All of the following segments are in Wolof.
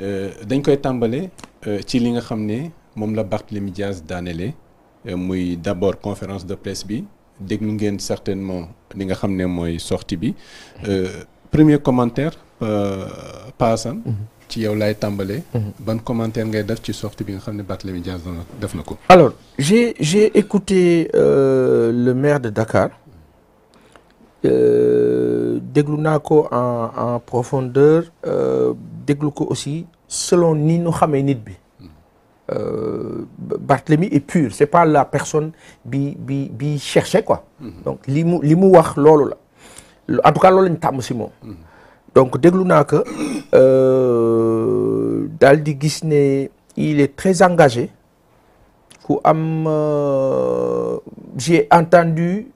Euh, dañ koy tàmbale euh, ci li nga xam ne moom la Barthélémy Dias daanele euh, muy d'abord conférence de presse bi déglu ngeen certainement li nga xam ne mooy sortie bi premier commentaire paasan mhm. ci yow laay tàmbale mhm. ban commentaire ngay def ci sortie bi nga xam ne Barthélémy Dias def na ko alors j'ai j'ai écouté euh, le maire de Dakar déglu naa ko en en profondeur déglu ko aussi selon ni nu xamee nit bi euh, Barthélemy est pur c'est pas la personne bi bi bi cherché quoi mhm. donc li mu li mu wax loolu la en tout cas loolu lañ tàmm si moom mhm. donc déglu naa que euh, daal di gis ne il est très engagé ku am euh, j'ai entendu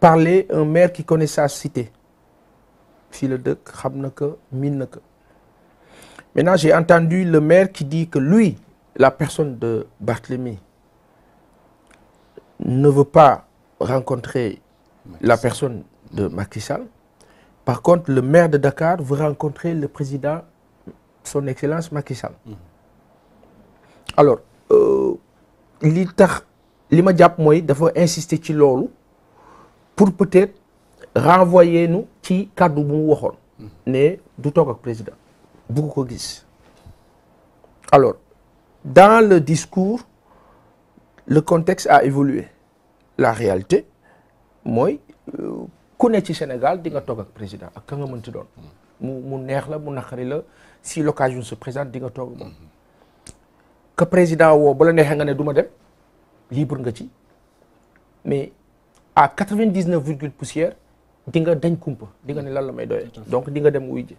parler un maire qui connaît sa cité si le dëkk xam na que miin na que Maintenant, j'ai entendu le maire qui dit que lui, la personne de Barthélemy, ne veut pas rencontrer Macky la personne de Macky Sall. Par contre, le maire de Dakar veut rencontrer le président, son excellence Macky Sall. Mm Alors, euh, li tax li ma jàpp mooy dafa insister ci loolu pour peut-être renvoyer nu ci kàddu bu mu waxoon. Mmh. ne du toog ak président. bugg ko gis alors dans le discours le contexte a évolué la réalité mooy ku ne ci Sénégal di nga toog ak président ak ka nga mënti doon mu mu neex la mu naqari la si l'occasion se présente di nga toog moom que président woo ba la neexee nga ne du ma dem libre nga ci mais à quatre-vingt-dix-neuf virgule poussière di nga dañ kumpa di nga ne lan la may doyee donc di nga dem wuy ji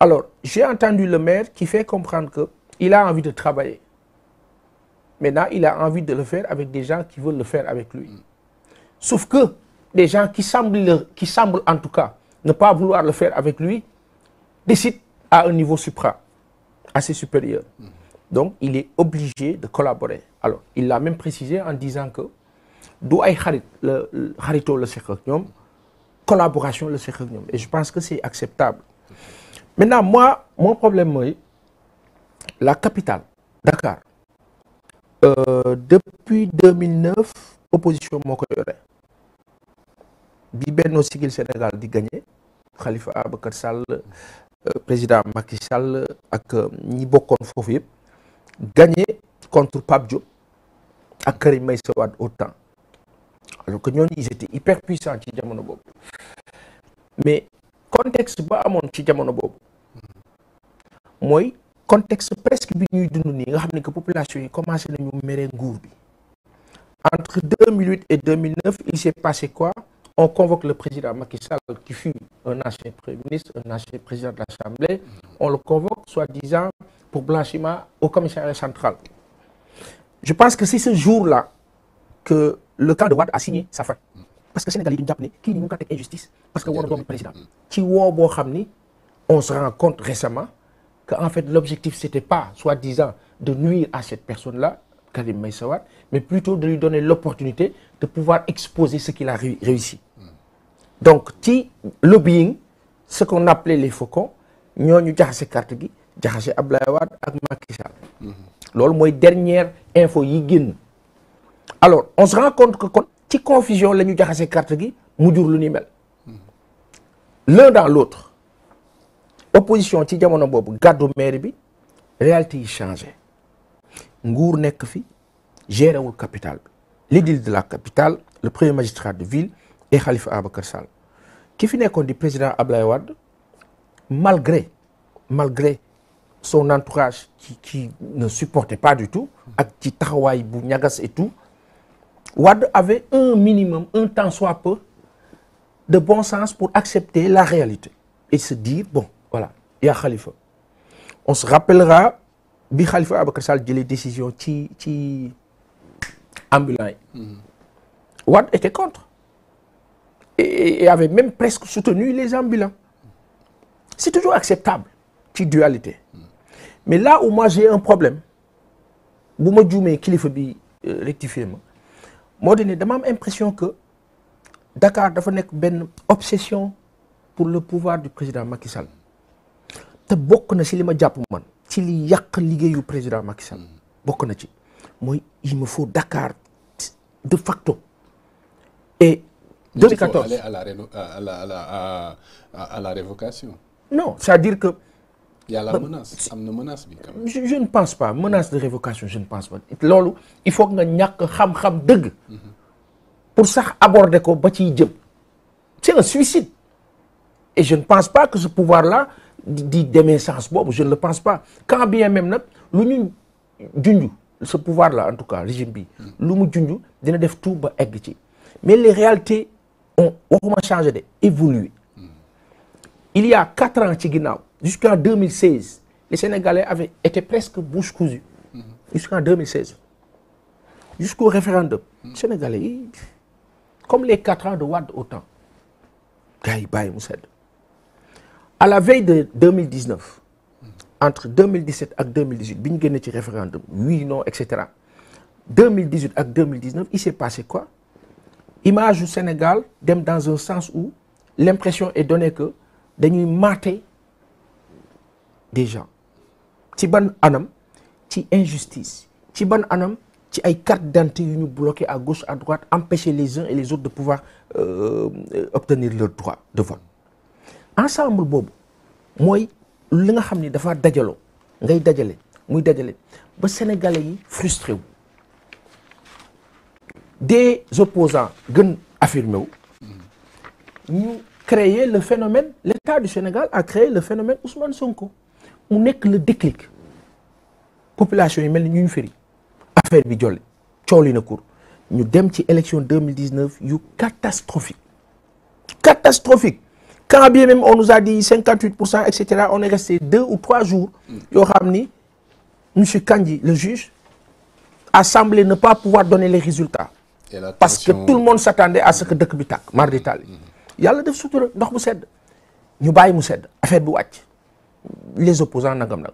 Alors, j'ai entendu le maire qui fait comprendre que il a envie de travailler. Maintenant, il a envie de le faire avec des gens qui veulent le faire avec lui. Sauf que des gens qui semblent, qui en tout cas ne pas vouloir le faire avec lui décident à un niveau supra, assez supérieur. Donc, il est obligé de collaborer. Alors, il l'a même précisé en disant que du ay xarit la xaritoo la seq ñoom collaboration la seq ñoom et je pense que c'est acceptable. maintenant moo mon problème mooy la capitale Dakar euh, depuis 2009 opposition moo ko yore bi Benno Siggil Sénégal di gagné Khalifa Ababacar Sall euh, président Macky Sall ak euh, ñi bokkoon foofu yëpp gagné contre Pape Diop ak Karim Meïssa Wade autant alors ko ñooñu ils étaient hyper puissants ci jamono boobu mais contexte ba amoon ci jamono boobu mooy contexte presque bi ñuy dund nii nga xam ne que population yi commencé nañu mere nguur bi entre 2008 et 2009 il s'est passé quoi on convoque le président Macky Sall qui fut un ancien premier ministre président de l'Assemblée on le convoque soi-disant pour blanchiment au commissariat central je pense que c'est ce jour-là que le camp de Wade a signé sa fin parce que Sénégal yi duñu jàpp ne kii ni mu ngi parce que war a président ci woo boo xam ni on se rend compte que en fait l'objectif c'était pas soi-disant de nuire à cette personne-là Karim Meïssa Wade mais plutôt de lui donner l'opportunité de pouvoir exposer ce qu'il a réussi donc ci lobbying ce qu'on appelait les faucons ñooñu jaxase carte gi jaxase Ablaye Wade ak Macky Sall loolu mooy dernière info yi génn alors on se rend compte que ci confusion la ñu jaxase carte gi mu jur lu ni l'un dans l'autre opposition ci jamono boobu gàddu maire bi réalité yi changé nguur nekk fi gérewul capital bi l'édile de la capitale le premier magistrat de ville et Khalifa Ababacar Sall ki fi nekkoon di président Ablaye Wade malgré malgré son entourage qui qui ne supportait pas du tout ak ci taxawaay bu ñagas et tout Wade avait un minimum un temps soit peu de bon sens pour accepter la réalité et se dire yaa Khalifa on se rappellera bi Khalifa Abacar Sall jëlee décision ci ci ambulants yi. Mm-hmm. Wade était contre et, et avait même presque soutenu les ambulants c'est toujours acceptable ci dualité mm-hmm. mais là où moi j'ai un problème bu ma juumee kilifa bi euh, rectifier ma moo di ne dama am impression que Dakar dafa nekk benn obsession pour le pouvoir du président Macky te bokk na si li ma jàpp man ci li yàq liggéeyu président Macky Sall bokk na ci mooy il me faut Dakar de facto et 2014 aller à la à la à la révocation. non c'est-à-dire que. y a la menace na menace bi. je je ne pense pas menace de révocation je ne pense pas loolu il faut nga ñàkk xam-xam dëgg. pour sax aborder ko ba ci jëm. c'est un suicide. et je ne pense pas que ce pouvoir-là. di demee sens boobu je ne le pense pas quand bien même nag lu ñu junj ce pouvoir là en tout cas régime bi lu mu junj dina def tout ba egg ci mais les réalités ont waxuma changé de évolué il y a quatre ans ci ginnaaw jusqu'en 2016 les Sénégalais avaient été presque bouche cousue jusqu'en 2016 jusqu'au référendum Sénégalais yi comme les quatre ans de Wade autant gars yi bàyyi à la veille de 2019 entre 2017 ak 2018 bi ñu génnee ci référendum oui non et cetera 2018 ak i il s'est passé quoi image du Sénégal dem dans un sens où l'impression est donnée que dañuy mater des gens ci ban anam ci injustice ci ban anam ci ay carte d'identité yu ñu bloqué à gauche à droite empêcher les uns et les autres de pouvoir euh, euh obtenir leur droit de vote ensemble boobu mooy li nga xam ni dafa dajaloo ngay dajale muy dajale ba sénégalais yi frustré wu des opposants gën affirmé wu ñu créer le phénomène l'état du Sénégal a créé le phénomène Ousmane Sonko mu nekk la déclic population yi mel ni ñu firi affaire bi jolle coow li na cour ñu dem ci élection 2019 yu catastrophique catastrophique quand bien même on nous a dit pour cent et on est resté deux ou trois jours. yoo xam ni monsieur Kandji le juge a semblé ne pas pouvoir donner les résultats. parce que tout le monde s'attendait à ce que dëkk bi tàkk mardi tali. Mm-hmm. yàlla def sutura ndox mu sedd ñu bàyyi mu sedd affaire bi wàcc les opposants nagam nag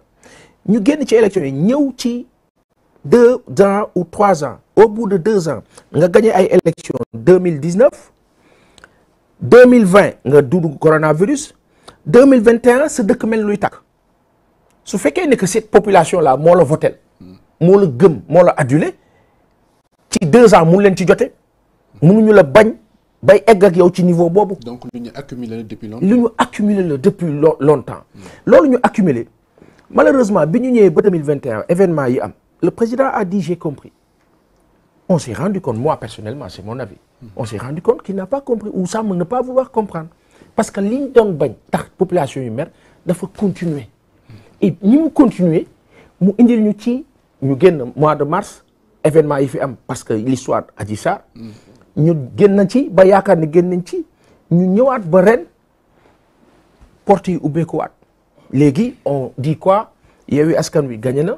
ñu génn ci élection yi ñëw ci deux ans ou trois ans au bout de deux ans nga gagné ay élections 2019 deux mille vingt nga dugg coronavirus deux mille vingt et un dëkk mel luy tàkk su fekkee ne que cette population là moo la votel moo la gëm moo la adulé ci deux ans mun leen ci munu ñu la bañ bay egg ak yow ci niveau boobu. donc lu ñu accumulé la depuis longtemps. lu ñu accumulé la depuis longtemps. loolu ñu accumulé malheureusement bi ñu ñëwee ba deux mille vingt événement yi am le président a dit j'ai compris. on s'est rendu compte, moi personnellement, c'est mon avis, on s'est rendu compte qu'il n'a pas compris ou semble ne pas vouloir comprendre. Parce que liñ doon bañ tax population yu mer dafa continuer et ni mu continuer mu indil ñu ci ñu génn mois de mars événement yi fi am parce que l'histoire Adji Sarr ñu génn nañ ci ba yaakaar ni génn nañ ci ñu ñëwaat ba ren porte yi ubbeekuwaat léegi on dit quoi Yewwi Askan Wi gagné na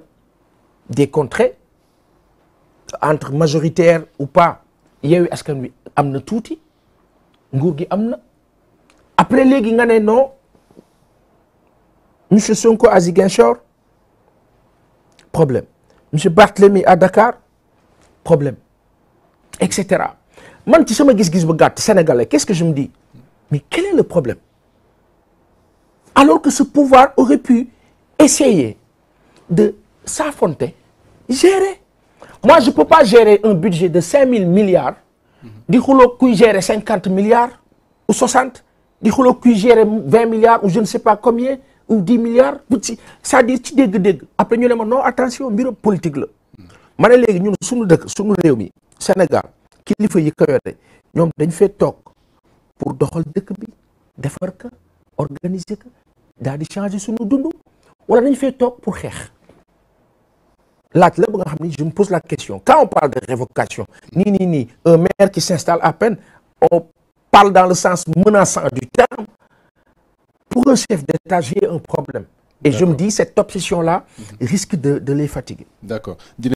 des entre majoritaire ou pas Yewwi Askan Wi am na tuuti nguur gi am na après léegi nga ne non monsieur Sonko à Ziguinchor problème monsieur Barthélemy à Dakar problème et cetera man ci sama gis-gis bu gàtt sénégalais qu'est-ce que je me dis mais quel est le problème alors que ce pouvoir aurait pu essayer de s'affronter gérer moi je peux pas gérer un budget de cinq mille milliards di xuloo kuy gérer cinquante milliards ou soixante di xuloo kuy gérer vingt milliards ou je ne sais pas combien ou dix milliards ci c'est-à-dire ci dégg-dégg après ñu ne ma non attention mbirum politique la ma ne léegi ñun suñu dëkk suñu réew mi Sénégal kilifa yi ko yore ñoom dañ fee toog pour doxal dëkk bi defar ka organiser ka daal di changer suñu dund wala dañ fee toog pour xeex laaj la ba nga xam ni je me pose la question quand on parle de révocation nii nii nii un maire qui s'installe à peine on parle dans le sens menaçant du terme pour un chef d'État j'ai un problème et je me dis cette obsession là risque de de les fatiguer d'accord